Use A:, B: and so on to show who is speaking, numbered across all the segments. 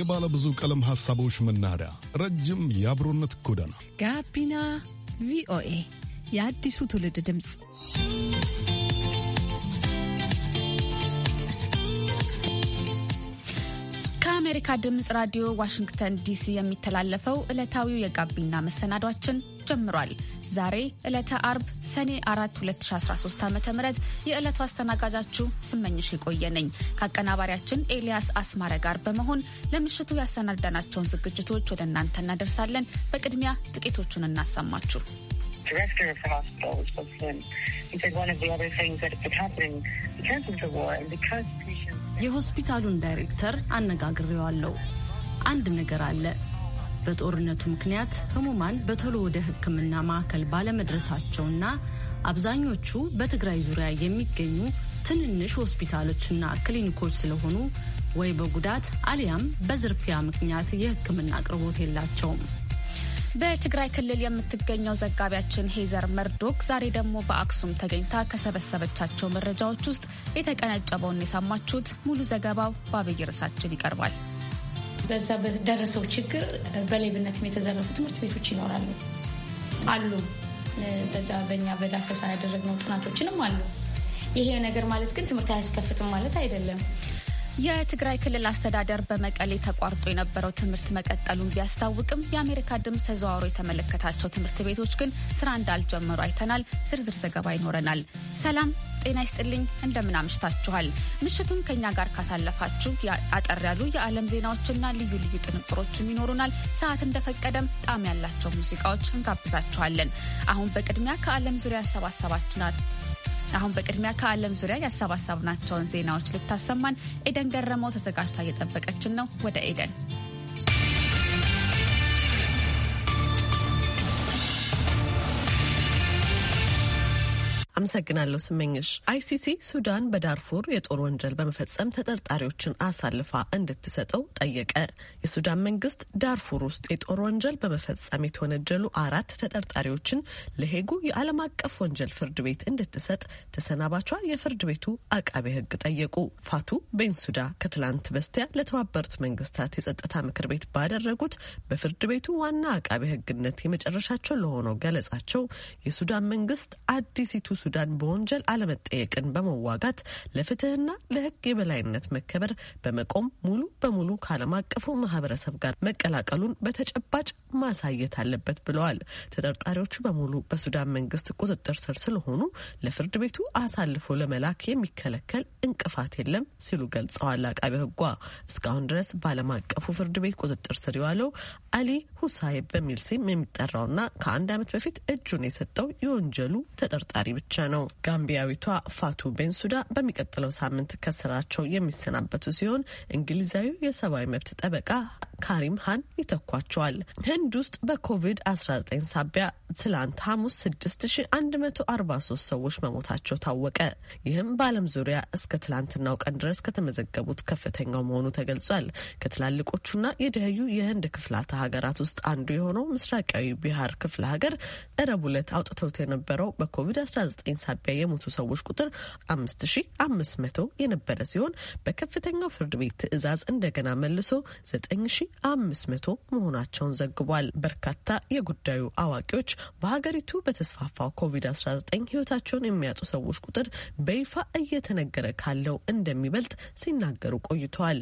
A: የባለ ብዙ ቀለም ሐሳቦች መናኸሪያ፣ ረጅም የአብሮነት ጎዳና
B: ጋቢና
C: ቪኦኤ የአዲሱ ትውልድ ድምፅ።
D: ከአሜሪካ ድምፅ ራዲዮ ዋሽንግተን ዲሲ የሚተላለፈው ዕለታዊው የጋቢና መሰናዷችን ጀምሯል። ዛሬ ዕለተ አርብ ሰኔ 4 2013 ዓ ም የዕለቱ አስተናጋጃችሁ ስመኝሽ የቆየ ነኝ ከአቀናባሪያችን ኤልያስ አስማረ ጋር በመሆን ለምሽቱ ያሰናዳናቸውን ዝግጅቶች ወደ እናንተ እናደርሳለን። በቅድሚያ ጥቂቶቹን እናሰማችሁ።
E: የሆስፒታሉን ዳይሬክተር አነጋግሬዋለሁ። አንድ ነገር አለ በጦርነቱ ምክንያት ህሙማን በቶሎ ወደ ሕክምና ማዕከል ባለመድረሳቸውና አብዛኞቹ በትግራይ ዙሪያ የሚገኙ ትንንሽ ሆስፒታሎችና ክሊኒኮች ስለሆኑ ወይ በጉዳት አሊያም በዝርፊያ ምክንያት የሕክምና አቅርቦት የላቸውም።
D: በትግራይ ክልል የምትገኘው ዘጋቢያችን ሄዘር መርዶክ ዛሬ ደግሞ በአክሱም ተገኝታ ከሰበሰበቻቸው መረጃዎች ውስጥ የተቀነጨበውን የሰማችሁት። ሙሉ ዘገባው በአብይ ርዕሳችን ይቀርባል።
F: በዛ በደረሰው ችግር በሌብነትም የተዘረፉ ትምህርት ቤቶች ይኖራሉ አሉ። በዛ በእኛ በዳሰሳ ያደረግነው ጥናቶችንም አሉ። ይሄ ነገር ማለት ግን ትምህርት አያስከፍትም ማለት አይደለም። የትግራይ ክልል አስተዳደር በመቀሌ ተቋርጦ
D: የነበረው ትምህርት መቀጠሉን ቢያስታውቅም የአሜሪካ ድምፅ ተዘዋውሮ የተመለከታቸው ትምህርት ቤቶች ግን ስራ እንዳልጀመሩ አይተናል። ዝርዝር ዘገባ ይኖረናል። ሰላም ጤና ይስጥልኝ። እንደምን አምሽታችኋል? ምሽቱን ከእኛ ጋር ካሳለፋችሁ አጠር ያሉ የዓለም ዜናዎችና ልዩ ልዩ ጥንጥሮችም ይኖሩናል። ሰዓት እንደፈቀደም ጣዕም ያላቸው ሙዚቃዎች እንጋብዛችኋለን። አሁን በቅድሚያ ከዓለም ዙሪያ ያሰባሰባችናል አሁን በቅድሚያ ከዓለም ዙሪያ ያሰባሰብናቸውን ዜናዎች ልታሰማን ኤደን ገረመው ተዘጋጅታ እየጠበቀችን ነው። ወደ ኤደን
G: አመሰግናለሁ ስመኝሽ። አይሲሲ ሱዳን በዳርፉር የጦር ወንጀል በመፈጸም ተጠርጣሪዎችን አሳልፋ እንድትሰጠው ጠየቀ። የሱዳን መንግስት ዳርፉር ውስጥ የጦር ወንጀል በመፈጸም የተወነጀሉ አራት ተጠርጣሪዎችን ለሄጉ የዓለም አቀፍ ወንጀል ፍርድ ቤት እንድትሰጥ ተሰናባቿ የፍርድ ቤቱ አቃቤ ሕግ ጠየቁ። ፋቱ ቤንሱዳ ከትላንት በስቲያ ለተባበሩት መንግስታት የጸጥታ ምክር ቤት ባደረጉት በፍርድ ቤቱ ዋና አቃቤ ሕግነት የመጨረሻቸው ለሆነው ገለጻቸው የሱዳን መንግስት አዲሲቱ ሱዳን በወንጀል አለመጠየቅን በመዋጋት ለፍትህና ለህግ የበላይነት መከበር በመቆም ሙሉ በሙሉ ከዓለም አቀፉ ማህበረሰብ ጋር መቀላቀሉን በተጨባጭ ማሳየት አለበት ብለዋል። ተጠርጣሪዎቹ በሙሉ በሱዳን መንግስት ቁጥጥር ስር ስለሆኑ ለፍርድ ቤቱ አሳልፎ ለመላክ የሚከለከል እንቅፋት የለም ሲሉ ገልጸዋል። አቃቢ ህጓ እስካሁን ድረስ በዓለም አቀፉ ፍርድ ቤት ቁጥጥር ስር የዋለው አሊ ሁሳይብ በሚል ስም የሚጠራውና ከአንድ ዓመት በፊት እጁን የሰጠው የወንጀሉ ተጠርጣሪ ብቻ ብቻ ነው። ጋምቢያዊቷ ፋቱ ቤንሱዳ በሚቀጥለው ሳምንት ከስራቸው የሚሰናበቱ ሲሆን እንግሊዛዊ የሰብአዊ መብት ጠበቃ ካሪም ሃን ይተኳቸዋል። ህንድ ውስጥ በኮቪድ-19 ሳቢያ ትላንት ሐሙስ 6143 ሰዎች መሞታቸው ታወቀ። ይህም በዓለም ዙሪያ እስከ ትላንትናው ቀን ድረስ ከተመዘገቡት ከፍተኛው መሆኑ ተገልጿል። ከትላልቆቹና የደህዩ የህንድ ክፍላተ ሀገራት ውስጥ አንዱ የሆነው ምስራቃዊ ቢሃር ክፍለ ሀገር ረቡዕ ዕለት አውጥተውት የነበረው በኮቪድ-19 በ ሳቢያ የሞቱ ሰዎች ቁጥር 5500 የነበረ ሲሆን በከፍተኛው ፍርድ ቤት ትዕዛዝ እንደገና መልሶ 9500 መሆናቸውን ዘግቧል። በርካታ የጉዳዩ አዋቂዎች በሀገሪቱ በተስፋፋው ኮቪድ-19 ህይወታቸውን የሚያጡ ሰዎች ቁጥር በይፋ እየተነገረ ካለው እንደሚበልጥ ሲናገሩ ቆይተዋል።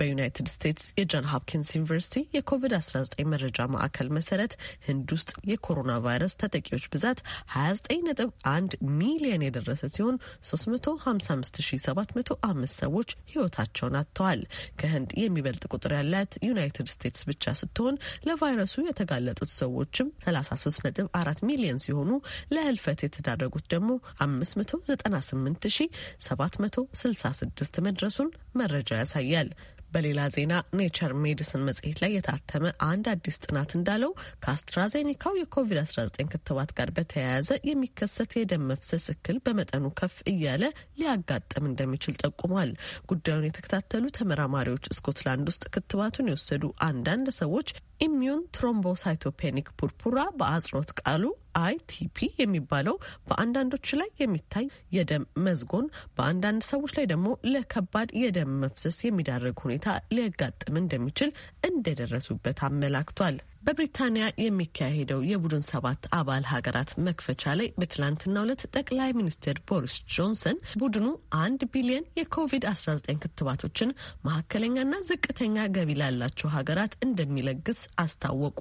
G: በዩናይትድ ስቴትስ የጆን ሀፕኪንስ ዩኒቨርሲቲ የኮቪድ-19 መረጃ ማዕከል መሰረት ህንድ ውስጥ የኮሮና ቫይረስ ተጠቂዎች ብዛት 29.1 ሚሊየን የደረሰ ሲሆን 355705 ሰዎች ህይወታቸውን አጥተዋል። ከህንድ የሚበልጥ ቁጥር ያላት ዩናይትድ ስቴትስ ብቻ ስትሆን ለቫይረሱ የተጋለጡት ሰዎችም 33.4 ሚሊዮን ሲሆኑ ለህልፈት የተዳረጉት ደግሞ 598766 መድረሱን መረጃ ያሳያል። በሌላ ዜና ኔቸር ሜዲስን መጽሔት ላይ የታተመ አንድ አዲስ ጥናት እንዳለው ከአስትራዜኒካው የኮቪድ-19 ክትባት ጋር በተያያዘ የሚከሰት የደም መፍሰስ እክል በመጠኑ ከፍ እያለ ሊያጋጥም እንደሚችል ጠቁሟል። ጉዳዩን የተከታተሉ ተመራማሪዎች ስኮትላንድ ውስጥ ክትባቱን የወሰዱ አንዳንድ ሰዎች ኢሚዩን ትሮምቦሳይቶፔኒክ ፑርፑራ በአጽሮት ቃሉ አይቲፒ የሚባለው በአንዳንዶች ላይ የሚታይ የደም መዝጎን በአንዳንድ ሰዎች ላይ ደግሞ ለከባድ የደም መፍሰስ የሚዳረግ ሁኔታ ሊያጋጥም እንደሚችል እንደደረሱበት አመላክቷል። በብሪታንያ የሚካሄደው የቡድን ሰባት አባል ሀገራት መክፈቻ ላይ በትላንትናው ዕለት ጠቅላይ ሚኒስትር ቦሪስ ጆንሰን ቡድኑ አንድ ቢሊዮን የኮቪድ-19 ክትባቶችን መካከለኛና ዝቅተኛ ገቢ ላላቸው ሀገራት እንደሚለግስ አስታወቁ።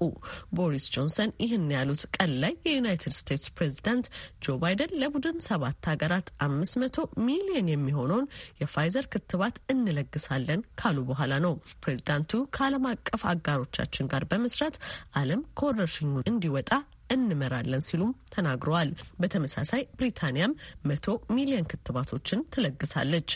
G: ቦሪስ ጆንሰን ይህን ያሉት ቀን ላይ የዩናይትድ ስቴትስ ፕሬዚዳንት ጆ ባይደን ለቡድን ሰባት ሀገራት አምስት መቶ ሚሊዮን የሚሆነውን የፋይዘር ክትባት እንለግሳለን ካሉ በኋላ ነው። ፕሬዚዳንቱ ከዓለም አቀፍ አጋሮቻችን ጋር በመስራት ዓለም ከወረርሽኙ እንዲወጣ እንመራለን ሲሉም ተናግረዋል። በተመሳሳይ ብሪታንያም መቶ ሚሊዮን ክትባቶችን ትለግሳለች።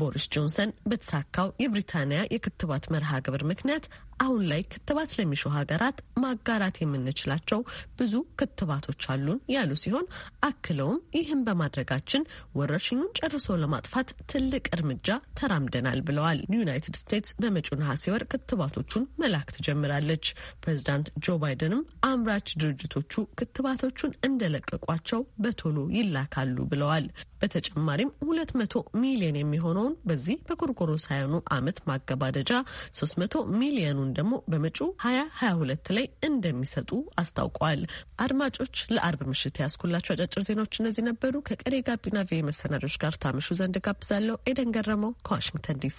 G: ቦሪስ ጆንሰን በተሳካው የብሪታንያ የክትባት መርሃ ግብር ምክንያት አሁን ላይ ክትባት ለሚሹ ሀገራት ማጋራት የምንችላቸው ብዙ ክትባቶች አሉን ያሉ ሲሆን አክለውም ይህን በማድረጋችን ወረርሽኙን ጨርሶ ለማጥፋት ትልቅ እርምጃ ተራምደናል ብለዋል። ዩናይትድ ስቴትስ በመጪው ነሐሴ ወር ክትባቶቹን መላክ ትጀምራለች። ፕሬዚዳንት ጆ ባይደንም አምራች ድርጅቶቹ ክትባቶቹን እንደለቀቋቸው በቶሎ ይላካሉ ብለዋል። በተጨማሪም 200 ሚሊዮን የሚሆነውን በዚህ በጎርጎሮሳውያኑ አመት ማገባደጃ 300 ሚሊዮኑን ደግሞ በመጪው 2022 ላይ እንደሚሰጡ አስታውቋል። አድማጮች ለአርብ ምሽት ያስኩላቸው አጫጭር ዜናዎች እነዚህ ነበሩ። ከቀሪ ጋቢና ቪ መሰናዶች ጋር ታምሹ ዘንድ ጋብዛለሁ። ኤደን ገረመው ከዋሽንግተን ዲሲ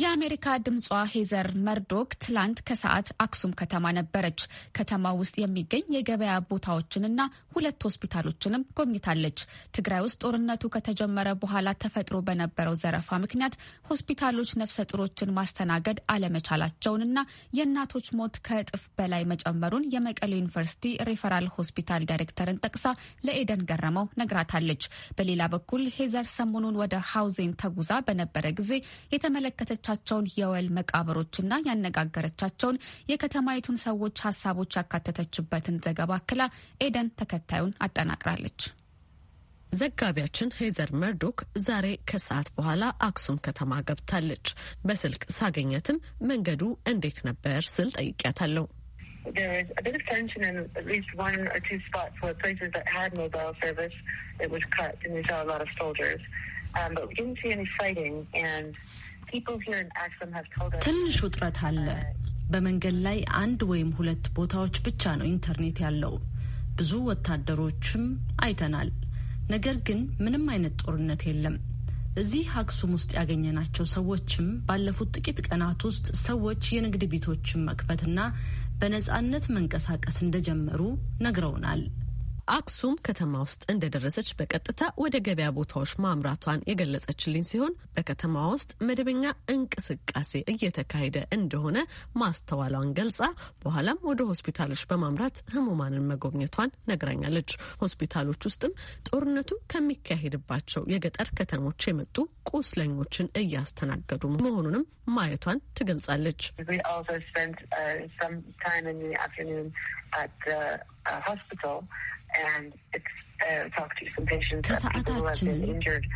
D: የአሜሪካ ድምጿ ሄዘር መርዶክ ትላንት ከሰዓት አክሱም ከተማ ነበረች። ከተማ ውስጥ የሚገኝ የገበያ ቦታዎችንና ሁለት ሆስፒታሎችንም ጎብኝታለች። ትግራይ ውስጥ ጦርነቱ ከተጀመረ በኋላ ተፈጥሮ በነበረው ዘረፋ ምክንያት ሆስፒታሎች ነፍሰ ጡሮችን ማስተናገድ አለመቻላቸውንና የእናቶች ሞት ከእጥፍ በላይ መጨመሩን የመቀሌ ዩኒቨርሲቲ ሪፈራል ሆስፒታል ዳይሬክተርን ጠቅሳ ለኤደን ገረመው ነግራታለች። በሌላ በኩል ሄዘር ሰሞኑን ወደ ሀውዜን ተጉዛ በነበረ ጊዜ የተመለከተች። የጎበኘቻቸውን የወል መቃብሮችና ያነጋገረቻቸውን የከተማይቱን ሰዎች ሀሳቦች ያካተተችበትን ዘገባ አክላ ኤደን ተከታዩን አጠናቅራለች።
G: ዘጋቢያችን ሄዘር መርዶክ ዛሬ ከሰዓት በኋላ አክሱም ከተማ ገብታለች። በስልክ ሳገኘትም መንገዱ እንዴት ነበር ስል ጠይቅያታለው
H: ትንሽ
E: ውጥረት አለ። uh, በመንገድ ላይ አንድ ወይም ሁለት ቦታዎች ብቻ ነው ኢንተርኔት ያለው። ብዙ ወታደሮችም አይተናል። ነገር ግን ምንም አይነት ጦርነት የለም። እዚህ አክሱም ውስጥ ያገኘናቸው ሰዎችም ባለፉት ጥቂት ቀናት ውስጥ ሰዎች የንግድ ቤቶችን መክፈትና
G: በነጻነት መንቀሳቀስ እንደጀመሩ ነግረውናል። አክሱም ከተማ ውስጥ እንደደረሰች በቀጥታ ወደ ገበያ ቦታዎች ማምራቷን የገለጸችልኝ ሲሆን በከተማ ውስጥ መደበኛ እንቅስቃሴ እየተካሄደ እንደሆነ ማስተዋሏን ገልጻ በኋላም ወደ ሆስፒታሎች በማምራት ህሙማንን መጎብኘቷን ነግራኛለች። ሆስፒታሎች ውስጥም ጦርነቱ ከሚካሄድባቸው የገጠር ከተሞች የመጡ ቁስለኞችን እያስተናገዱ መሆኑንም ማየቷን ትገልጻለች።
H: Uh, ከሰዓታችን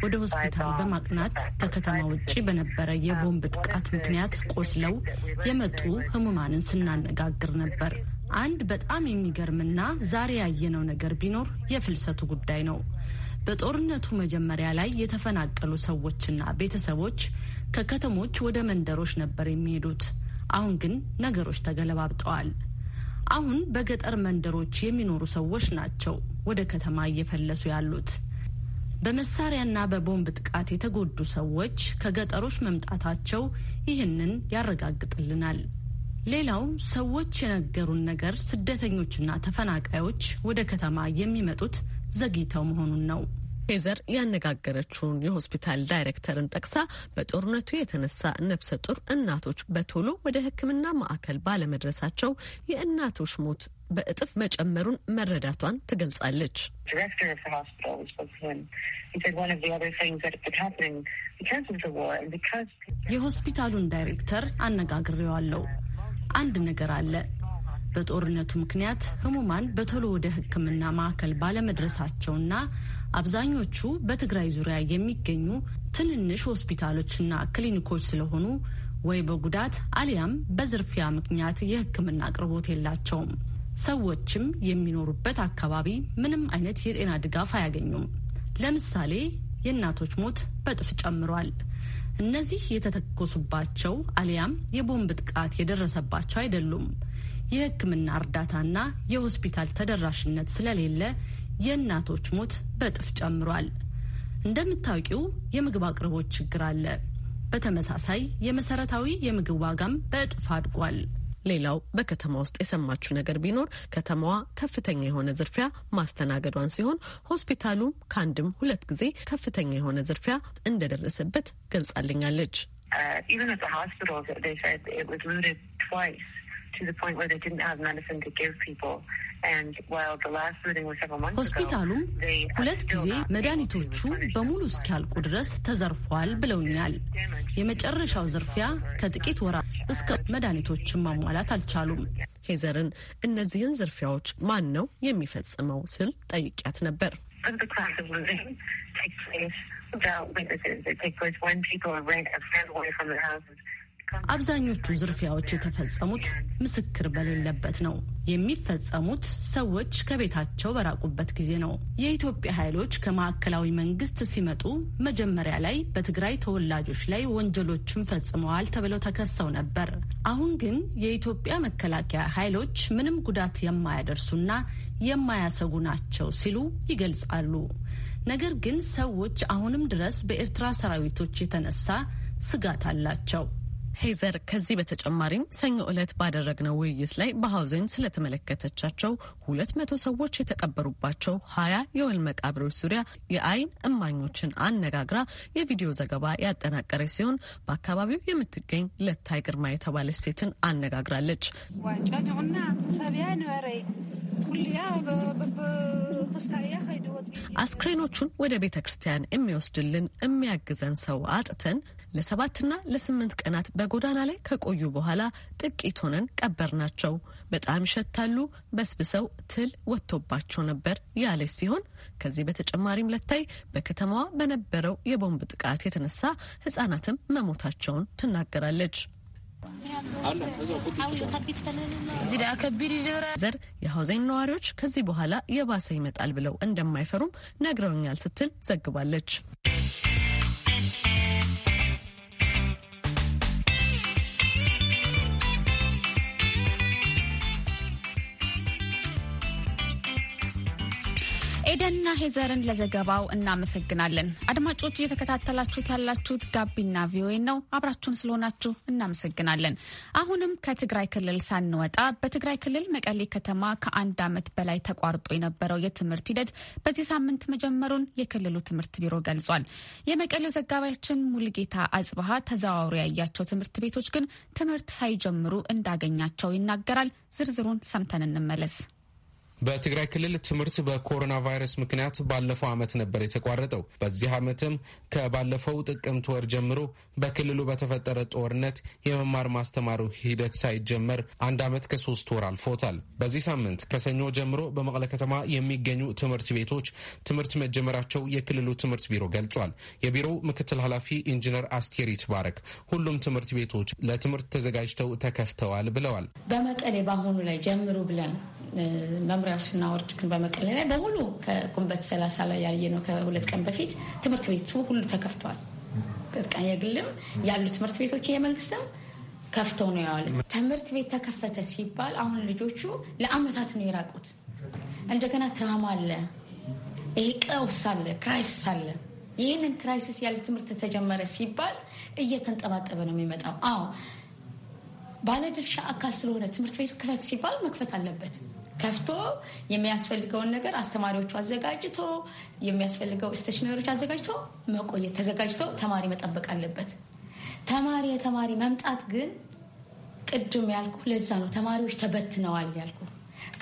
H: ወደ ሆስፒታል
E: በማቅናት ከከተማ ውጭ በነበረ um, የቦምብ ጥቃት ምክንያት ቆስለው የመጡ ህሙማንን ስናነጋግር ነበር። አንድ በጣም የሚገርምና ዛሬ ያየነው ነገር ቢኖር የፍልሰቱ ጉዳይ ነው። በጦርነቱ መጀመሪያ ላይ የተፈናቀሉ ሰዎችና ቤተሰቦች ከከተሞች ወደ መንደሮች ነበር የሚሄዱት። አሁን ግን ነገሮች ተገለባብጠዋል። አሁን በገጠር መንደሮች የሚኖሩ ሰዎች ናቸው ወደ ከተማ እየፈለሱ ያሉት። በመሳሪያና በቦምብ ጥቃት የተጎዱ ሰዎች ከገጠሮች መምጣታቸው ይህንን ያረጋግጥልናል። ሌላው ሰዎች የነገሩን ነገር ስደተኞችና ተፈናቃዮች ወደ ከተማ የሚመጡት ዘግይተው
G: መሆኑን ነው። ሄዘር ያነጋገረችውን የሆስፒታል ዳይሬክተርን ጠቅሳ በጦርነቱ የተነሳ ነፍሰ ጡር እናቶች በቶሎ ወደ ሕክምና ማዕከል ባለመድረሳቸው የእናቶች ሞት በእጥፍ መጨመሩን መረዳቷን ትገልጻለች።
E: የሆስፒታሉን ዳይሬክተር አነጋግሬዋለሁ። አንድ ነገር አለ። በጦርነቱ ምክንያት ህሙማን በቶሎ ወደ ህክምና ማዕከል ባለመድረሳቸውና አብዛኞቹ በትግራይ ዙሪያ የሚገኙ ትንንሽ ሆስፒታሎችና ክሊኒኮች ስለሆኑ ወይ በጉዳት አሊያም በዝርፊያ ምክንያት የሕክምና አቅርቦት የላቸውም። ሰዎችም የሚኖሩበት አካባቢ ምንም አይነት የጤና ድጋፍ አያገኙም። ለምሳሌ የእናቶች ሞት በጥፍ ጨምሯል። እነዚህ የተተኮሱባቸው አሊያም የቦምብ ጥቃት የደረሰባቸው አይደሉም። የህክምና እርዳታና የሆስፒታል ተደራሽነት ስለሌለ የእናቶች ሞት በእጥፍ ጨምሯል። እንደምታውቂው የምግብ አቅርቦት ችግር አለ።
G: በተመሳሳይ የመሰረታዊ የምግብ ዋጋም በእጥፍ አድጓል። ሌላው በከተማ ውስጥ የሰማችው ነገር ቢኖር ከተማዋ ከፍተኛ የሆነ ዝርፊያ ማስተናገዷን ሲሆን ሆስፒታሉም ከአንድም ሁለት ጊዜ ከፍተኛ የሆነ ዝርፊያ እንደደረሰበት ገልጻልኛለች።
H: ሆስፒታሉም
E: ሁለት ጊዜ መድኃኒቶቹ በሙሉ እስኪያልቁ ድረስ ተዘርፏል ብለውኛል።
G: የመጨረሻው ዝርፊያ ከጥቂት ወራ እስከ መድኃኒቶችን ማሟላት አልቻሉም። ሄዘርን እነዚህን ዝርፊያዎች ማን ነው የሚፈጽመው ስል ጠይቂያት ነበር።
E: አብዛኞቹ ዝርፊያዎች የተፈጸሙት ምስክር በሌለበት ነው። የሚፈጸሙት ሰዎች ከቤታቸው በራቁበት ጊዜ ነው። የኢትዮጵያ ኃይሎች ከማዕከላዊ መንግስት ሲመጡ መጀመሪያ ላይ በትግራይ ተወላጆች ላይ ወንጀሎችን ፈጽመዋል ተብለው ተከሰው ነበር። አሁን ግን የኢትዮጵያ መከላከያ ኃይሎች ምንም ጉዳት የማያደርሱና የማያሰጉ ናቸው ሲሉ ይገልጻሉ። ነገር ግን ሰዎች አሁንም ድረስ በኤርትራ ሰራዊቶች የተነሳ
G: ስጋት አላቸው። ሄዘር ከዚህ በተጨማሪም ሰኞ ዕለት ባደረግነው ውይይት ላይ በሀውዜን ስለተመለከተቻቸው ሁለት መቶ ሰዎች የተቀበሩባቸው ሀያ የወል መቃብሮች ዙሪያ የአይን እማኞችን አነጋግራ የቪዲዮ ዘገባ ያጠናቀረች ሲሆን በአካባቢው የምትገኝ ለታይ ግርማ የተባለች ሴትን አነጋግራለች። አስክሬኖቹን ወደ ቤተ ክርስቲያን የሚወስድልን የሚያግዘን ሰው አጥተን ለሰባትና ለስምንት ቀናት በጎዳና ላይ ከቆዩ በኋላ ጥቂት ሆነን ናቸው። በጣም ይሸታሉ፣ በስብሰው ትል ወጥቶባቸው ነበር ያለች ሲሆን ከዚህ በተጨማሪም ለታይ በከተማዋ በነበረው የቦምብ ጥቃት የተነሳ ህጻናትም መሞታቸውን ትናገራለች። ዘር የሀውዜን ነዋሪዎች ከዚህ በኋላ የባሰ ይመጣል ብለው እንደማይፈሩም ነግረውኛል ስትል ዘግባለች።
D: ኤደንና ሄዘርን ለዘገባው እናመሰግናለን። አድማጮች እየተከታተላችሁት ያላችሁት ጋቢና ቪኦኤ ነው። አብራችሁን ስለሆናችሁ እናመሰግናለን። አሁንም ከትግራይ ክልል ሳንወጣ በትግራይ ክልል መቀሌ ከተማ ከአንድ ዓመት በላይ ተቋርጦ የነበረው የትምህርት ሂደት በዚህ ሳምንት መጀመሩን የክልሉ ትምህርት ቢሮ ገልጿል። የመቀሌው ዘጋቢያችን ሙልጌታ አጽብሃ ተዘዋውሮ ያያቸው ትምህርት ቤቶች ግን ትምህርት ሳይጀምሩ እንዳገኛቸው ይናገራል። ዝርዝሩን ሰምተን እንመለስ።
B: በትግራይ ክልል ትምህርት በኮሮና ቫይረስ ምክንያት ባለፈው ዓመት ነበር የተቋረጠው። በዚህ ዓመትም ከባለፈው ጥቅምት ወር ጀምሮ በክልሉ በተፈጠረ ጦርነት የመማር ማስተማሩ ሂደት ሳይጀመር አንድ ዓመት ከሶስት ወር አልፎታል። በዚህ ሳምንት ከሰኞ ጀምሮ በመቀለ ከተማ የሚገኙ ትምህርት ቤቶች ትምህርት መጀመራቸው የክልሉ ትምህርት ቢሮ ገልጿል። የቢሮው ምክትል ኃላፊ ኢንጂነር አስቴር ይትባረክ ሁሉም ትምህርት ቤቶች ለትምህርት ተዘጋጅተው ተከፍተዋል ብለዋል።
F: በመቀሌ በአሁኑ ላይ ጀምሩ ብለን ዙሪያው ስናወርድ ግን በመቀሌ ላይ በሙሉ ከቁንበት ሰላሳ ላይ ያየ ነው። ከሁለት ቀን በፊት ትምህርት ቤቱ ሁሉ ተከፍቷል። በቃ የግልም ያሉ ትምህርት ቤቶች የመንግስትም ከፍተው ነው ያዋለ። ትምህርት ቤት ተከፈተ ሲባል አሁን ልጆቹ ለአመታት ነው የራቁት። እንደገና ትራማ አለ፣ ይሄ ቀውስ አለ፣ ክራይሲስ አለ። ይህንን ክራይሲስ ያለ ትምህርት ተጀመረ ሲባል እየተንጠባጠበ ነው የሚመጣው። አዎ ባለድርሻ አካል ስለሆነ ትምህርት ቤቱ ክፈት ሲባል መክፈት አለበት። ከፍቶ የሚያስፈልገውን ነገር አስተማሪዎቹ አዘጋጅቶ የሚያስፈልገው ስቴሽነሪዎች አዘጋጅቶ መቆየት ተዘጋጅቶ ተማሪ መጠበቅ አለበት። ተማሪ የተማሪ መምጣት ግን ቅድም ያልኩ ለዛ ነው ተማሪዎች ተበትነዋል ያልኩ።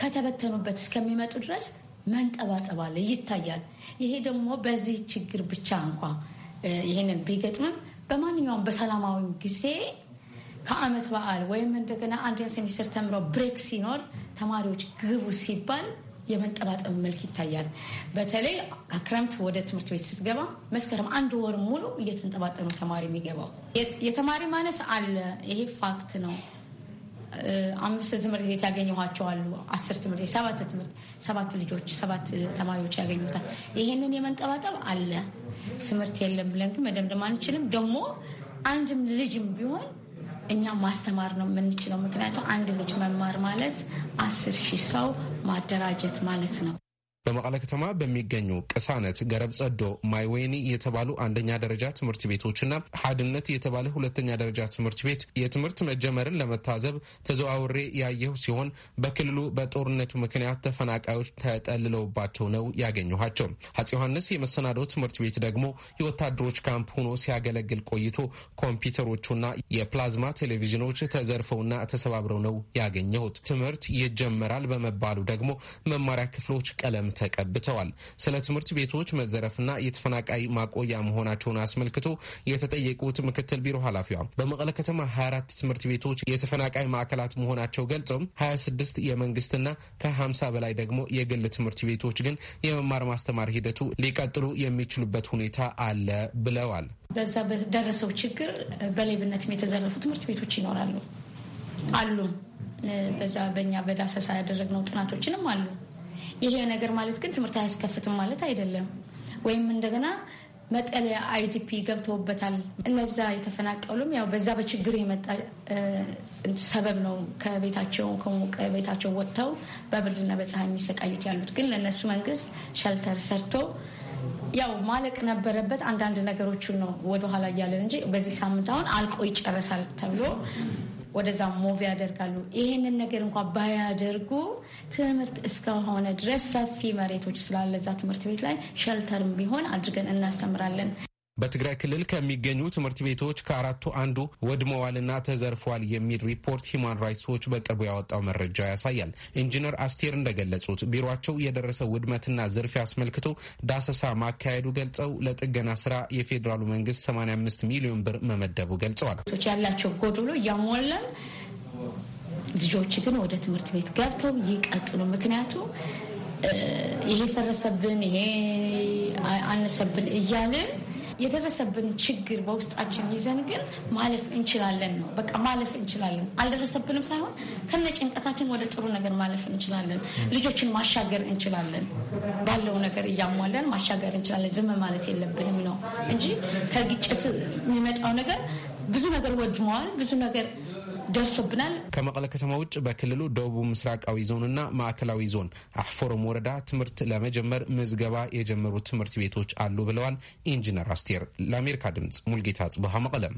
F: ከተበተኑበት እስከሚመጡ ድረስ መንጠባጠብ አለ ይታያል። ይሄ ደግሞ በዚህ ችግር ብቻ እንኳ ይህንን ቢገጥምም በማንኛውም በሰላማዊ ጊዜ ከአመት በዓል ወይም እንደገና አንድ ሴሚስተር ተምረው ብሬክ ሲኖር ተማሪዎች ግቡ ሲባል የመጠባጠብ መልክ ይታያል። በተለይ ከክረምት ወደ ትምህርት ቤት ስትገባ መስከረም አንድ ወር ሙሉ እየተንጠባጠኑ ተማሪ የሚገባው። የተማሪ ማነስ አለ፣ ይሄ ፋክት ነው። አምስት ትምህርት ቤት ያገኘኋቸዋሉ አስር ትምህርት ቤት ሰባት ትምህርት ሰባት ልጆች ሰባት ተማሪዎች ያገኙታል። ይሄንን የመንጠባጠብ አለ። ትምህርት የለም ብለን ግን መደምደም አንችልም። ደግሞ አንድም ልጅም ቢሆን እኛ ማስተማር ነው የምንችለው። ምክንያቱም አንድ ልጅ መማር ማለት አስር ሺህ ሰው ማደራጀት ማለት ነው።
B: በመቀለ ከተማ በሚገኙ ቅሳነት፣ ገረብ ጸዶ፣ ማይወይኒ የተባሉ አንደኛ ደረጃ ትምህርት ቤቶችና ሀድነት የተባለ ሁለተኛ ደረጃ ትምህርት ቤት የትምህርት መጀመርን ለመታዘብ ተዘዋውሬ ያየሁ ሲሆን በክልሉ በጦርነቱ ምክንያት ተፈናቃዮች ተጠልለውባቸው ነው ያገኘኋቸው። አፄ ዮሐንስ የመሰናዶ ትምህርት ቤት ደግሞ የወታደሮች ካምፕ ሆኖ ሲያገለግል ቆይቶ ኮምፒውተሮቹና የፕላዝማ ቴሌቪዥኖች ተዘርፈውና ተሰባብረው ነው ያገኘሁት። ትምህርት ይጀመራል በመባሉ ደግሞ መማሪያ ክፍሎች ቀለም ተቀብተዋል። ስለ ትምህርት ቤቶች መዘረፍና የተፈናቃይ ማቆያ መሆናቸውን አስመልክቶ የተጠየቁት ምክትል ቢሮ ኃላፊዋ በመቀለ ከተማ 24 ትምህርት ቤቶች የተፈናቃይ ማዕከላት መሆናቸው ገልጸው 26 የመንግስትና ከ50 በላይ ደግሞ የግል ትምህርት ቤቶች ግን የመማር ማስተማር ሂደቱ ሊቀጥሉ የሚችሉበት ሁኔታ አለ ብለዋል።
F: በዛ በደረሰው ችግር በሌብነትም የተዘረፉ ትምህርት ቤቶች ይኖራሉ አሉም በዛ በእኛ በዳሰሳ ያደረግነው ጥናቶችንም አሉ ይሄ ነገር ማለት ግን ትምህርት አያስከፍትም ማለት አይደለም። ወይም እንደገና መጠለያ አይዲፒ ገብተውበታል። እነዛ የተፈናቀሉም ያው በዛ በችግር የመጣ ሰበብ ነው። ከቤታቸው ከሞቀ ቤታቸው ወጥተው በብርድና በፀሐይ የሚሰቃዩት ያሉት ግን ለእነሱ መንግስት ሸልተር ሰርቶ ያው ማለቅ ነበረበት። አንዳንድ ነገሮችን ነው ወደኋላ እያለን እንጂ በዚህ ሳምንት አሁን አልቆ ይጨረሳል ተብሎ ወደዛ ሞቭ ያደርጋሉ። ይህንን ነገር እንኳን ባያደርጉ ትምህርት እስከሆነ ድረስ ሰፊ መሬቶች ስላለዛ ትምህርት ቤት ላይ ሸልተርም ቢሆን አድርገን እናስተምራለን።
B: በትግራይ ክልል ከሚገኙ ትምህርት ቤቶች ከአራቱ አንዱ ወድመዋልና ተዘርፏል የሚል ሪፖርት ሂማን ራይትስ ዎች በቅርቡ ያወጣው መረጃ ያሳያል። ኢንጂነር አስቴር እንደገለጹት ቢሮቸው የደረሰ ውድመትና ዝርፊያ አስመልክቶ ዳሰሳ ማካሄዱ ገልጸው ለጥገና ስራ የፌዴራሉ መንግስት 85 ሚሊዮን ብር መመደቡ ገልጸዋል።
F: ያላቸው ጎድሎ እያሟላን ልጆች ግን ወደ ትምህርት ቤት ገብተው ይቀጥሉ። ምክንያቱም ይሄ ፈረሰብን፣ ይሄ አነሰብን እያለን የደረሰብን ችግር በውስጣችን ይዘን ግን ማለፍ እንችላለን ነው። በቃ ማለፍ እንችላለን፣ አልደረሰብንም ሳይሆን ከነ ጭንቀታችን ወደ ጥሩ ነገር ማለፍ እንችላለን። ልጆችን ማሻገር እንችላለን። ባለው ነገር እያሟለን ማሻገር እንችላለን። ዝም ማለት የለብንም ነው እንጂ ከግጭት የሚመጣው ነገር ብዙ ነገር ወድመዋል፣ ብዙ ነገር ደርሶብናል።
B: ከመቀለ ከተማ ውጭ በክልሉ ደቡብ ምስራቃዊ ዞንና ማዕከላዊ ዞን አሕፎረም ወረዳ ትምህርት ለመጀመር ምዝገባ የጀመሩ ትምህርት ቤቶች አሉ ብለዋል ኢንጂነር አስቴር። ለአሜሪካ ድምጽ ሙልጌታ ጽቡሃ መቀለም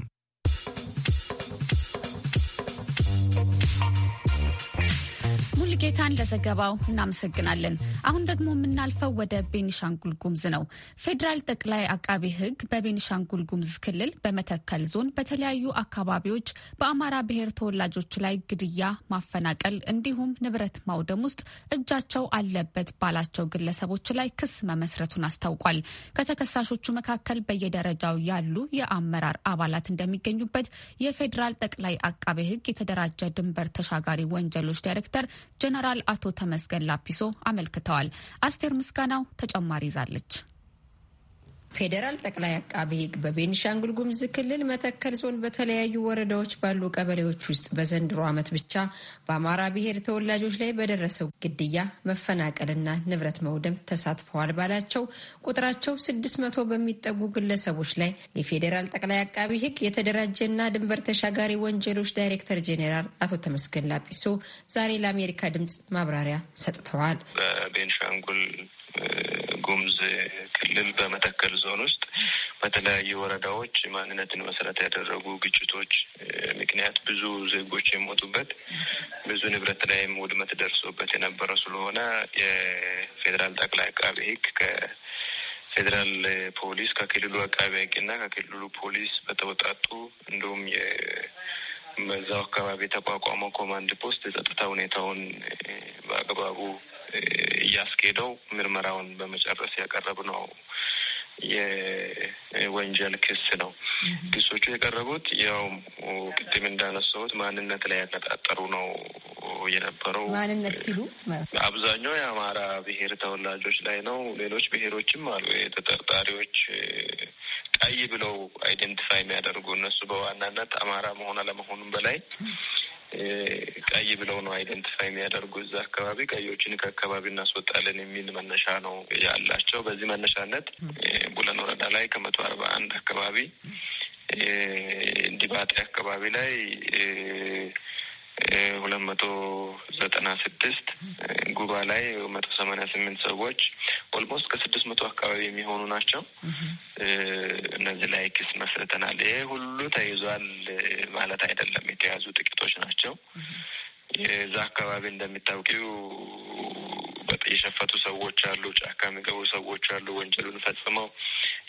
D: ሙልጌታን ለዘገባው እናመሰግናለን። አሁን ደግሞ የምናልፈው ወደ ቤኒሻንጉል ጉሙዝ ነው። ፌዴራል ጠቅላይ አቃቤ ሕግ በቤኒሻንጉል ጉሙዝ ክልል በመተከል ዞን በተለያዩ አካባቢዎች በአማራ ብሔር ተወላጆች ላይ ግድያ፣ ማፈናቀል እንዲሁም ንብረት ማውደም ውስጥ እጃቸው አለበት ባላቸው ግለሰቦች ላይ ክስ መመስረቱን አስታውቋል። ከተከሳሾቹ መካከል በየደረጃው ያሉ የአመራር አባላት እንደሚገኙበት የፌዴራል ጠቅላይ አቃቤ ሕግ የተደራጀ ድንበር ተሻጋሪ ወንጀሎች ዳይሬክተር ጄኔራል አቶ ተመስገን ላፒሶ አመልክተዋል። አስቴር ምስጋናው ተጨማሪ ይዛለች።
C: ፌዴራል ጠቅላይ አቃቢ ሕግ በቤኒሻንጉል ጉምዝ ክልል መተከል ዞን በተለያዩ ወረዳዎች ባሉ ቀበሌዎች ውስጥ በዘንድሮ ዓመት ብቻ በአማራ ብሔር ተወላጆች ላይ በደረሰው ግድያ፣ መፈናቀልና ንብረት መውደም ተሳትፈዋል ባላቸው ቁጥራቸው ስድስት መቶ በሚጠጉ ግለሰቦች ላይ የፌዴራል ጠቅላይ አቃቢ ሕግ የተደራጀና ድንበር ተሻጋሪ ወንጀሎች ዳይሬክተር ጄኔራል አቶ ተመስገን ላጲሶ ዛሬ ለአሜሪካ ድምጽ ማብራሪያ ሰጥተዋል።
H: ጉሙዝ ክልል በመተከል ዞን ውስጥ በተለያዩ ወረዳዎች ማንነትን መሰረት ያደረጉ ግጭቶች ምክንያት ብዙ ዜጎች የሞቱበት ብዙ ንብረት ላይም ውድመት ደርሶበት የነበረ ስለሆነ የፌዴራል ጠቅላይ አቃቤ ሕግ ከፌዴራል ፖሊስ ከክልሉ አቃቤ ሕግና ከክልሉ ፖሊስ በተወጣጡ እንዲሁም በዛው አካባቢ የተቋቋመው ኮማንድ ፖስት የጸጥታ ሁኔታውን በአግባቡ እያስኬደው ምርመራውን በመጨረስ ያቀረብ ነው። የወንጀል ክስ ነው። ክሶቹ የቀረቡት ያው ቅድም እንዳነሳሁት ማንነት ላይ ያነጣጠሩ ነው የነበረው። ማንነት ሲሉ አብዛኛው የአማራ ብሔር ተወላጆች ላይ ነው። ሌሎች ብሔሮችም አሉ የተጠርጣሪዎች ቀይ ብለው አይደንቲፋይ የሚያደርጉ እነሱ በዋናነት አማራ መሆን አለመሆኑም በላይ ቀይ ብለው ነው አይደንቲፋይ የሚያደርጉ እዛ አካባቢ ቀዮችን ከአካባቢ እናስወጣለን የሚል መነሻ ነው ያላቸው። በዚህ መነሻነት ቡለን ወረዳ ላይ ከመቶ አርባ አንድ አካባቢ እንዲባጤ አካባቢ ላይ ሁለት መቶ ዘጠና ስድስት ጉባ ላይ መቶ ሰማኒያ ስምንት ሰዎች ኦልሞስት ከስድስት መቶ አካባቢ የሚሆኑ ናቸው። እነዚህ ላይ ክስ መስርተናል። ይሄ ሁሉ ተይዟል ማለት አይደለም። የተያዙ ጥቂቶች ናቸው። የዛ አካባቢ እንደሚታውቂው የሸፈቱ ሰዎች አሉ፣ ጫካ የሚገቡ ሰዎች አሉ። ወንጀሉን ፈጽመው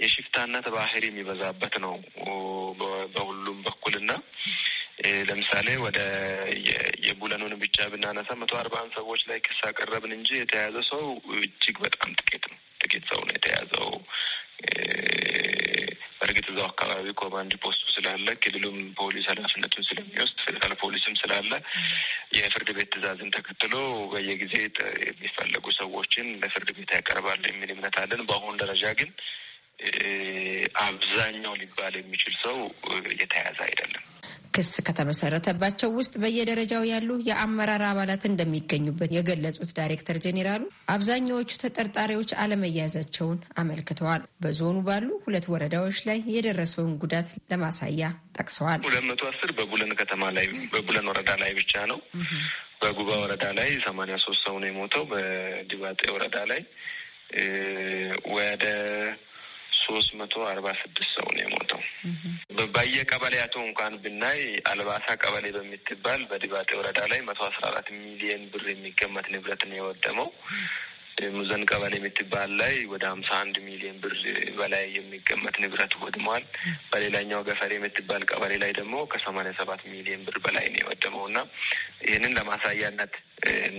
H: የሽፍታነት ባህሪ የሚበዛበት ነው በሁሉም በኩልና ለምሳሌ ወደ የቡለኑን ብቻ ብናነሳ መቶ አርባን ሰዎች ላይ ክስ አቀረብን እንጂ የተያዘ ሰው እጅግ በጣም ጥቂት ነው። ጥቂት ሰው ነው የተያዘው። በእርግጥ እዛው አካባቢ ኮማንድ ፖስቱ ስላለ ክልሉም ፖሊስ ኃላፊነቱን ስለሚወስድ ፌዴራል ፖሊስም ስላለ የፍርድ ቤት ትዕዛዝን ተከትሎ በየጊዜ የሚፈለጉ ሰዎችን ለፍርድ ቤት ያቀርባል የሚል እምነት አለን። በአሁኑ ደረጃ ግን አብዛኛው ሊባል የሚችል ሰው የተያዘ አይደለም።
C: ክስ ከተመሰረተባቸው ውስጥ በየደረጃው ያሉ የአመራር አባላት እንደሚገኙበት የገለጹት ዳይሬክተር ጄኔራሉ አብዛኛዎቹ ተጠርጣሪዎች አለመያዛቸውን አመልክተዋል። በዞኑ ባሉ ሁለት ወረዳዎች ላይ የደረሰውን ጉዳት ለማሳያ ጠቅሰዋል።
H: ሁለት መቶ አስር በቡለን ከተማ ላይ በጉለን ወረዳ ላይ ብቻ ነው። በጉባ ወረዳ ላይ ሰማንያ ሶስት ሰው ነው የሞተው። በዲባጤ ወረዳ ላይ ወደ ሶስት መቶ አርባ ስድስት ሰው ነው የሞተው። በየቀበሌያቱ እንኳን ብናይ አልባሳ ቀበሌ በምትባል በዲባጤ ወረዳ ላይ መቶ አስራ አራት ሚሊየን ብር የሚገመት ንብረት ነው የወደመው። ሙዘን ቀበሌ የምትባል ላይ ወደ ሀምሳ አንድ ሚሊዮን ብር በላይ የሚገመት ንብረት ወድሟል። በሌላኛው ገፈሬ የምትባል ቀበሌ ላይ ደግሞ ከሰማኒያ ሰባት ሚሊዮን ብር በላይ ነው የወደመው እና ይህንን ለማሳያነት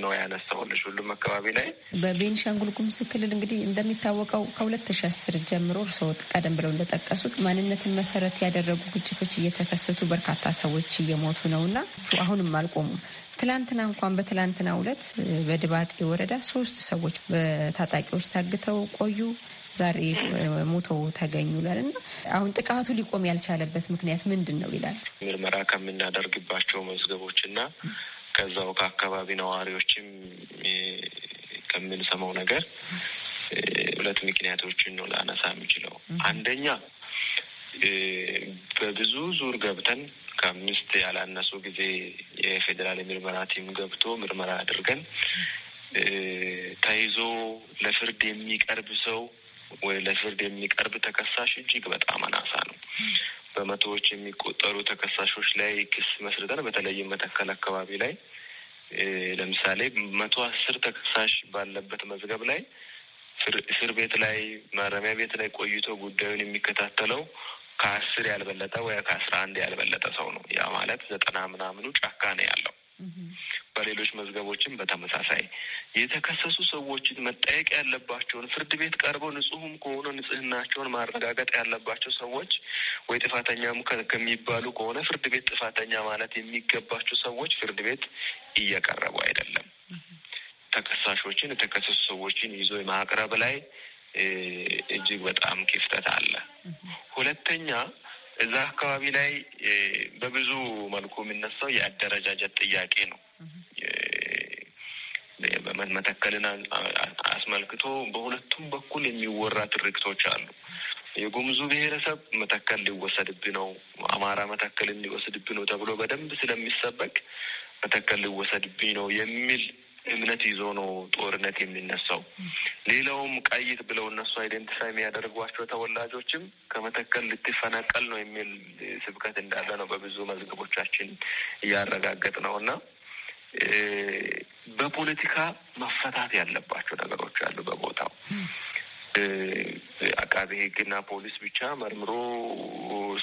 H: ነው ያነሳሁልሽ። ሁሉም አካባቢ ላይ
C: በቤኒሻንጉል ጉሙዝ ክልል እንግዲህ እንደሚታወቀው ከሁለት ሺ አስር ጀምሮ እርስዎ ቀደም ብለው እንደጠቀሱት ማንነትን መሰረት ያደረጉ ግጭቶች እየተከሰቱ በርካታ ሰዎች እየሞቱ ነው እና አሁንም አልቆሙም። ትላንትና እንኳን በትላንትና ሁለት በድባጤ ወረዳ ሶስት ሰዎች በታጣቂዎች ታግተው ቆዩ። ዛሬ ሞተው ተገኙ ይላል እና አሁን ጥቃቱ ሊቆም ያልቻለበት ምክንያት ምንድን ነው ይላል።
H: ምርመራ ከምናደርግባቸው መዝገቦች እና ከዛው ከአካባቢ ነዋሪዎችም ከምንሰማው ነገር ሁለት ምክንያቶችን ነው ላነሳ የምችለው። አንደኛ በብዙ ዙር ገብተን ከአምስት ያላነሱ ጊዜ የፌዴራል የምርመራ ቲም ገብቶ ምርመራ አድርገን ተይዞ ለፍርድ የሚቀርብ ሰው ወይ ለፍርድ የሚቀርብ ተከሳሽ እጅግ በጣም አናሳ ነው። በመቶዎች የሚቆጠሩ ተከሳሾች ላይ ክስ መስርተን በተለይም መተከል አካባቢ ላይ ለምሳሌ መቶ አስር ተከሳሽ ባለበት መዝገብ ላይ እስር ቤት ላይ ማረሚያ ቤት ላይ ቆይቶ ጉዳዩን የሚከታተለው ከአስር ያልበለጠ ወይ ከአስራ አንድ ያልበለጠ ሰው ነው። ያ ማለት ዘጠና ምናምኑ ጫካ ነው ያለው። በሌሎች መዝገቦችም በተመሳሳይ የተከሰሱ ሰዎችን መጠየቅ ያለባቸውን ፍርድ ቤት ቀርበው ንጹህም ከሆነ ንጽህናቸውን ማረጋገጥ ያለባቸው ሰዎች ወይ ጥፋተኛም ከሚባሉ ከሆነ ፍርድ ቤት ጥፋተኛ ማለት የሚገባቸው ሰዎች ፍርድ ቤት እየቀረቡ አይደለም። ተከሳሾችን የተከሰሱ ሰዎችን ይዞ የማቅረብ ላይ እጅግ በጣም ክፍተት አለ። ሁለተኛ እዛ አካባቢ ላይ በብዙ መልኩ የሚነሳው የአደረጃጀት ጥያቄ ነው። መተከልን አስመልክቶ በሁለቱም በኩል የሚወራ ትርክቶች አሉ። የጉሙዙ ብሔረሰብ መተከል ሊወሰድብ ነው፣ አማራ መተከልን ሊወሰድብህ ነው ተብሎ በደንብ ስለሚሰበክ መተከል ሊወሰድብኝ ነው የሚል እምነት ይዞ ነው ጦርነት የሚነሳው። ሌላውም ቀይት ብለው እነሱ አይደንቲፋይ የሚያደርጓቸው ተወላጆችም ከመተከል ልትፈናቀል ነው የሚል ስብከት እንዳለ ነው በብዙ መዝገቦቻችን እያረጋገጥ ነው እና በፖለቲካ መፈታት ያለባቸው ነገሮች አሉ በቦታው አቃቤ ሕግና ፖሊስ ብቻ መርምሮ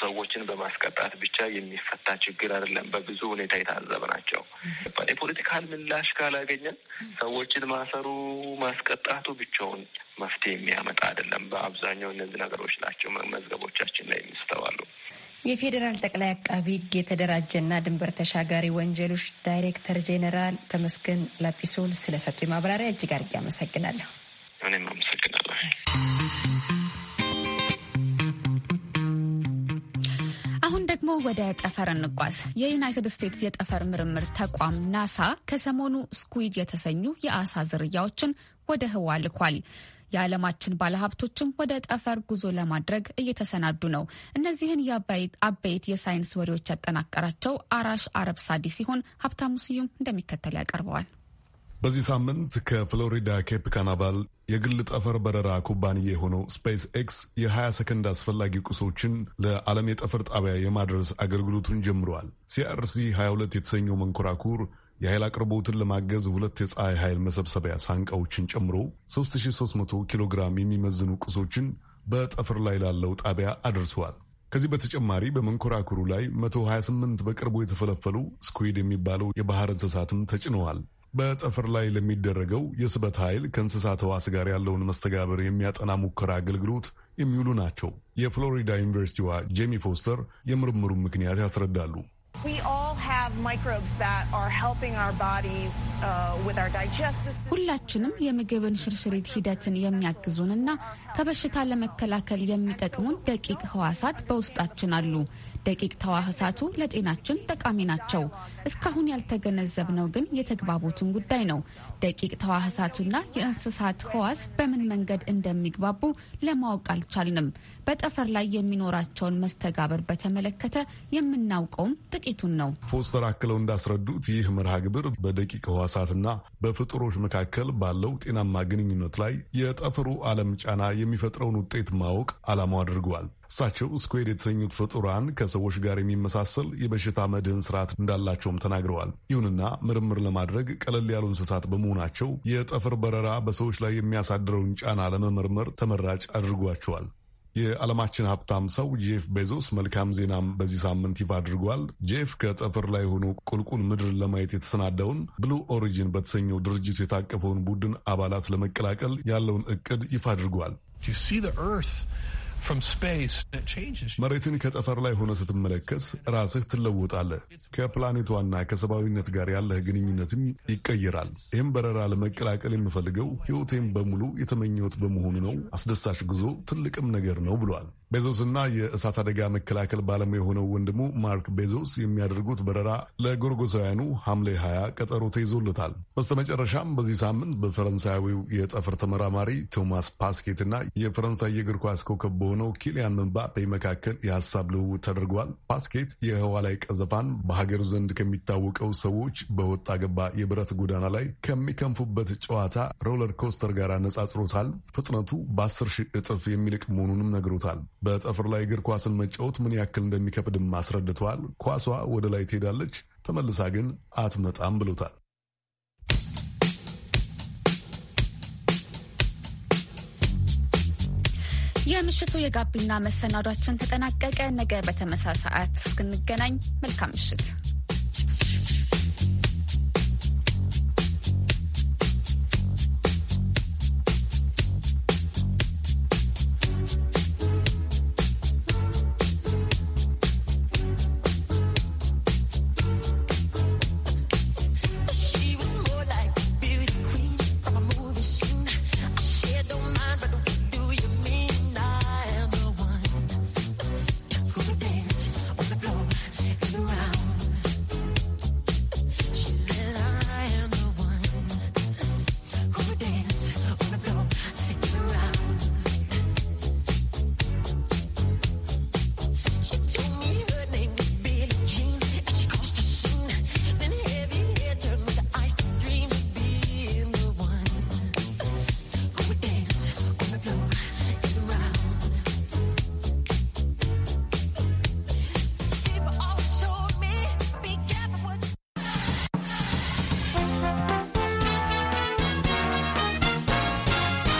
H: ሰዎችን በማስቀጣት ብቻ የሚፈታ ችግር አይደለም። በብዙ ሁኔታ የታዘብ ናቸው። የፖለቲካል ምላሽ ካላገኘን ሰዎችን ማሰሩ ማስቀጣቱ ብቻውን መፍትሄ የሚያመጣ አይደለም። በአብዛኛው እነዚህ ነገሮች ናቸው መዝገቦቻችን ላይ የሚስተዋሉ።
C: የፌዴራል ጠቅላይ አቃቢ ሕግ የተደራጀና ድንበር ተሻጋሪ ወንጀሎች ዳይሬክተር ጄኔራል ተመስገን ላጲሶን ስለሰጡ የማብራሪያ እጅግ አድርጌ አመሰግናለሁ። አሁን ደግሞ ወደ ጠፈር
D: እንጓዝ። የዩናይትድ ስቴትስ የጠፈር ምርምር ተቋም ናሳ ከሰሞኑ ስኩዊድ የተሰኙ የአሳ ዝርያዎችን ወደ ህዋ ልኳል። የዓለማችን ባለሀብቶችም ወደ ጠፈር ጉዞ ለማድረግ እየተሰናዱ ነው። እነዚህን የአበይት የሳይንስ ወሬዎች ያጠናቀራቸው አራሽ አረብ ሳዲ ሲሆን ሀብታሙ ስዩም እንደሚከተል ያቀርበዋል።
A: በዚህ ሳምንት ከፍሎሪዳ ኬፕ ካናቫል የግል ጠፈር በረራ ኩባንያ የሆነው ስፔስ ኤክስ የ20 ሰከንድ አስፈላጊ ቁሶችን ለዓለም የጠፈር ጣቢያ የማድረስ አገልግሎቱን ጀምረዋል። ሲአርሲ 22 የተሰኘው መንኮራኩር የኃይል አቅርቦትን ለማገዝ ሁለት የፀሐይ ኃይል መሰብሰቢያ ሳንቃዎችን ጨምሮ 3300 ኪሎ ግራም የሚመዝኑ ቁሶችን በጠፈር ላይ ላለው ጣቢያ አድርሰዋል። ከዚህ በተጨማሪ በመንኮራኩሩ ላይ 128 በቅርቡ የተፈለፈሉ ስኩዊድ የሚባለው የባህር እንስሳትም ተጭነዋል። በጠፈር ላይ ለሚደረገው የስበት ኃይል ከእንስሳት ህዋስ ጋር ያለውን መስተጋብር የሚያጠና ሙከራ አገልግሎት የሚውሉ ናቸው። የፍሎሪዳ ዩኒቨርሲቲዋ ጄሚ ፎስተር የምርምሩን ምክንያት ያስረዳሉ። uh,
D: ሁላችንም የምግብን ሽርሽሪት ሂደትን የሚያግዙንና ከበሽታ ለመከላከል የሚጠቅሙን ደቂቅ ህዋሳት በውስጣችን አሉ። ደቂቅ ተዋህሳቱ ለጤናችን ጠቃሚ ናቸው። እስካሁን ያልተገነዘብነው ግን የተግባቡትን ጉዳይ ነው። ደቂቅ ተዋህሳቱና የእንስሳት ህዋስ በምን መንገድ እንደሚግባቡ ለማወቅ አልቻልንም። በጠፈር ላይ የሚኖራቸውን መስተጋበር በተመለከተ የምናውቀውም ጥቂቱን ነው።
A: ፎስተር አክለው እንዳስረዱት ይህ መርሃ ግብር በደቂቅ ህዋሳትና በፍጥሮች መካከል ባለው ጤናማ ግንኙነት ላይ የጠፈሩ ዓለም ጫና የሚፈጥረውን ውጤት ማወቅ ዓላማው አድርገዋል። እሳቸው ስኩዌድ የተሰኙት ፍጡራን ከሰዎች ጋር የሚመሳሰል የበሽታ መድህን ስርዓት እንዳላቸውም ተናግረዋል። ይሁንና ምርምር ለማድረግ ቀለል ያሉ እንስሳት በመሆናቸው የጠፈር በረራ በሰዎች ላይ የሚያሳድረውን ጫና ለመመርመር ተመራጭ አድርጓቸዋል። የዓለማችን ሀብታም ሰው ጄፍ ቤዞስ መልካም ዜናም በዚህ ሳምንት ይፋ አድርጓል። ጄፍ ከጠፈር ላይ ሆኖ ቁልቁል ምድርን ለማየት የተሰናዳውን ብሉ ኦሪጂን በተሰኘው ድርጅቱ የታቀፈውን ቡድን አባላት ለመቀላቀል ያለውን እቅድ ይፋ አድርጓል። መሬትን ከጠፈር ላይ ሆነ ስትመለከት ራስህ ትለውጣለህ። ከፕላኔቷና ከሰብአዊነት ጋር ያለህ ግንኙነትም ይቀይራል። ይህም በረራ ለመቀላቀል የምፈልገው ሕይወቴም በሙሉ የተመኘሁት በመሆኑ ነው። አስደሳች ጉዞ፣ ትልቅም ነገር ነው ብሏል። ቤዞስና የእሳት አደጋ መከላከል ባለሙያ የሆነው ወንድሙ ማርክ ቤዞስ የሚያደርጉት በረራ ለጎርጎሳውያኑ ሐምሌ 20 ቀጠሮ ተይዞለታል። በስተመጨረሻም በዚህ ሳምንት በፈረንሳያዊው የጠፈር ተመራማሪ ቶማስ ፓስኬትና የፈረንሳይ የእግር ኳስ ኮከብ በሆነው ኪሊያን ምባፔ መካከል የሐሳብ ልውውጥ ተደርጓል። ፓስኬት የህዋ ላይ ቀዘፋን በሀገሩ ዘንድ ከሚታወቀው ሰዎች በወጣ ገባ የብረት ጎዳና ላይ ከሚከንፉበት ጨዋታ ሮለር ኮስተር ጋር ነጻጽሮታል። ፍጥነቱ በ10 ሺህ እጥፍ የሚልቅ መሆኑንም ነግሮታል። በጠፍር ላይ እግር ኳስን መጫወት ምን ያክል እንደሚከብድም አስረድተዋል። ኳሷ ወደ ላይ ትሄዳለች፣ ተመልሳ ግን አትመጣም ብሎታል።
D: የምሽቱ የጋቢና መሰናዷችን ተጠናቀቀ። ነገ በተመሳሳይ ሰዓት እስክንገናኝ መልካም ምሽት።